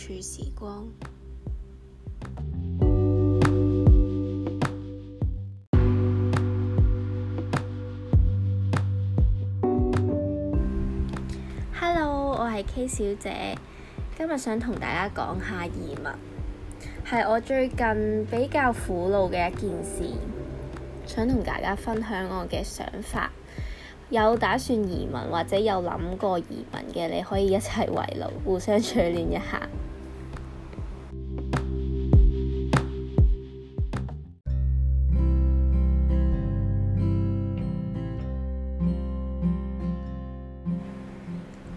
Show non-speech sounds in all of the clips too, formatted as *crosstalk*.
處時光，Hello，我係 K 小姐，今日想同大家講下移民，係我最近比較苦惱嘅一件事，想同大家分享我嘅想法。有打算移民或者有諗過移民嘅，你可以一齊圍爐，互相取暖一下。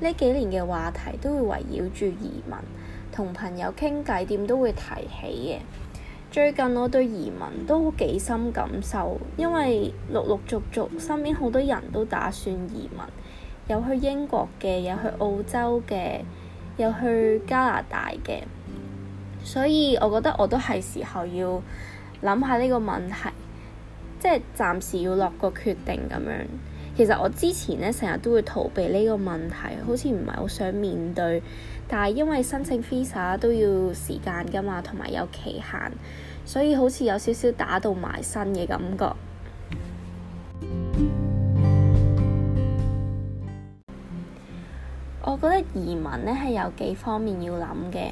呢幾年嘅話題都會圍繞住移民，同朋友傾偈點都會提起嘅。最近我對移民都幾深感受，因為陸陸續續身邊好多人都打算移民，有去英國嘅，有去澳洲嘅，有去加拿大嘅，所以我覺得我都係時候要諗下呢個問題，即係暫時要落個決定咁樣。其實我之前咧成日都會逃避呢個問題，好似唔係好想面對。但係因為申請 Visa 都要時間㗎嘛，同埋有期限，所以好似有少少打到埋身嘅感覺。 *music* 我覺得移民咧係有幾方面要諗嘅。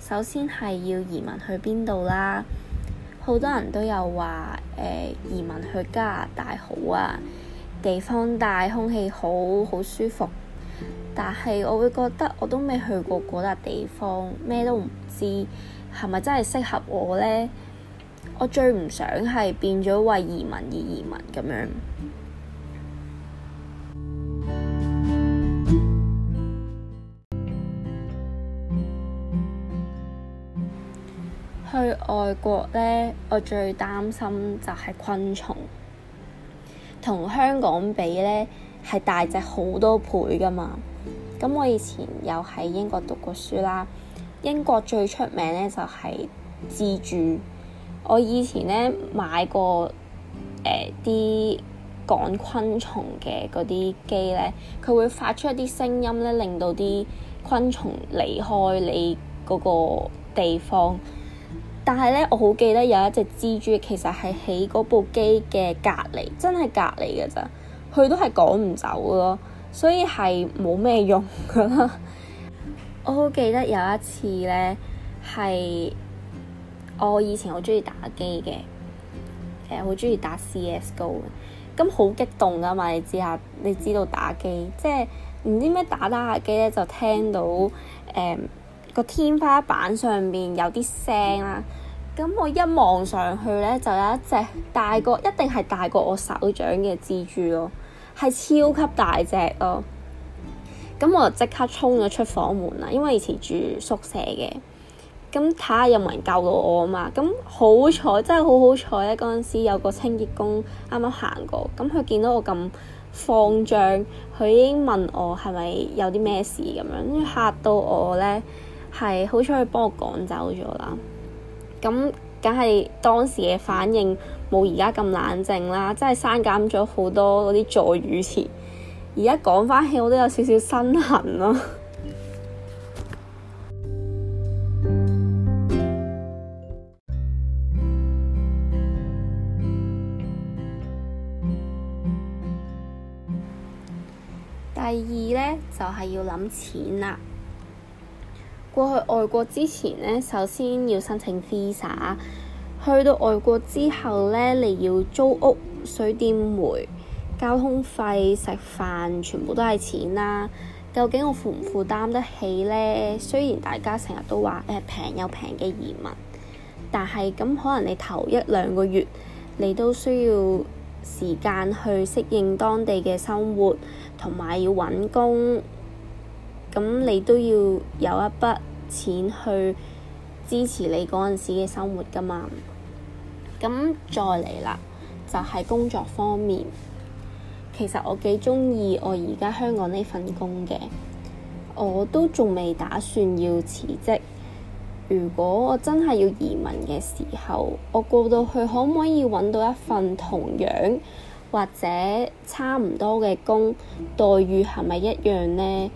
首先係要移民去邊度啦？好多人都有話誒、呃、移民去加拿大好啊。地方大，空氣好好舒服，但係我會覺得我都未去過嗰笪地方，咩都唔知，係咪真係適合我呢？我最唔想係變咗為移民而移民咁樣。去外國呢，我最擔心就係昆蟲。同香港比咧，係大隻好多倍㗎嘛。咁我以前又喺英國讀過書啦。英國最出名咧就係蜘蛛。我以前咧買過誒啲趕昆蟲嘅嗰啲機咧，佢會發出一啲聲音咧，令到啲昆蟲離開你嗰個地方。但係咧，我好記得有一隻蜘蛛，其實係喺嗰部機嘅隔離，真係隔離㗎咋，佢都係趕唔走㗎咯，所以係冇咩用噶啦。 *laughs* 我好記得有一次咧，係我以前好中意打機嘅，誒好中意打 CSGO，咁好激動噶嘛，你知呀，你知道打機即係唔知咩打打下機咧，就聽到誒。呃個天花板上面有啲聲啦，咁我一望上去咧，就有一隻大過一定係大過我手掌嘅蜘蛛咯、哦，係超級大隻咯、哦。咁我就即刻衝咗出房門啦，因為以前住宿舍嘅，咁睇下有冇人救到我啊嘛。咁好彩，真係好好彩咧！嗰陣時有個清潔工啱啱行過，咁佢見到我咁慌張，佢已經問我係咪有啲咩事咁樣，嚇到我咧～係好彩佢幫我趕走咗啦，咁梗係當時嘅反應冇而家咁冷靜啦，真係刪減咗好多嗰啲助語詞。而家講翻起，我都有少少身痕咯。 *music* 第二呢，就係要諗錢啦。過去外國之前呢，首先要申請 Visa。去到外國之後呢，你要租屋、水電煤、交通費、食飯，全部都係錢啦、啊。究竟我負唔負擔得起呢？雖然大家成日都話誒平有平嘅移民，但係咁可能你頭一兩個月，你都需要時間去適應當地嘅生活，同埋要揾工。咁你都要有一筆錢去支持你嗰陣時嘅生活㗎嘛？咁再嚟啦，就係工作方面。其實我幾鍾意我而家香港呢份工嘅，我都仲未打算要辭職。如果我真係要移民嘅時候，我過到去可唔可以揾到一份同樣或者差唔多嘅工，待遇係咪一樣呢？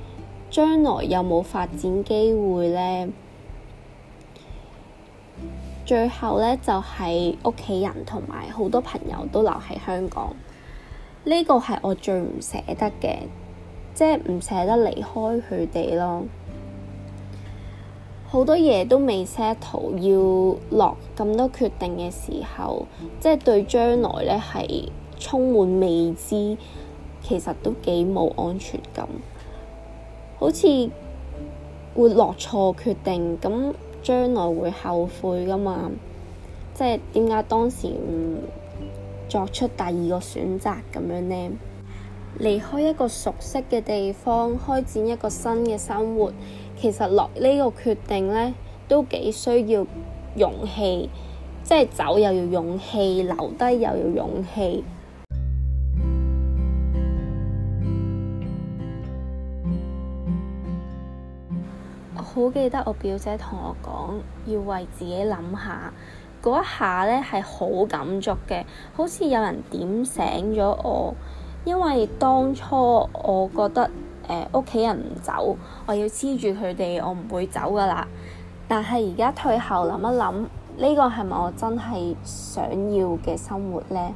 將來有冇發展機會呢？最後呢，就係屋企人同埋好多朋友都留喺香港，呢個係我最唔捨得嘅，即係唔捨得離開佢哋咯。好多嘢都未 settle，要落咁多決定嘅時候，即係對將來呢係充滿未知，其實都幾冇安全感。好似會落錯決定，咁將來會後悔㗎嘛，即係點解當時唔作出第二個選擇咁樣呢？離開一個熟悉嘅地方，開展一個新嘅生活，其實落呢個決定呢，都幾需要勇氣，即係走又要勇氣，留低又要勇氣。好記得我表姐同我講，要為自己諗下嗰一下呢係好感觸嘅，好似有人點醒咗我。因為當初我覺得誒屋企人唔走，我要黐住佢哋，我唔會走噶啦。但係而家退後諗一諗，呢個係咪我真係想要嘅生活呢？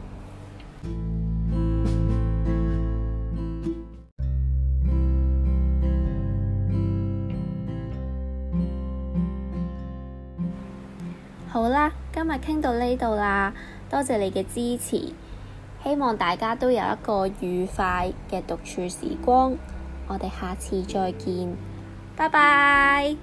好啦，今日傾到呢度啦，多謝你嘅支持，希望大家都有一個愉快嘅獨處時光，我哋下次再見，拜拜。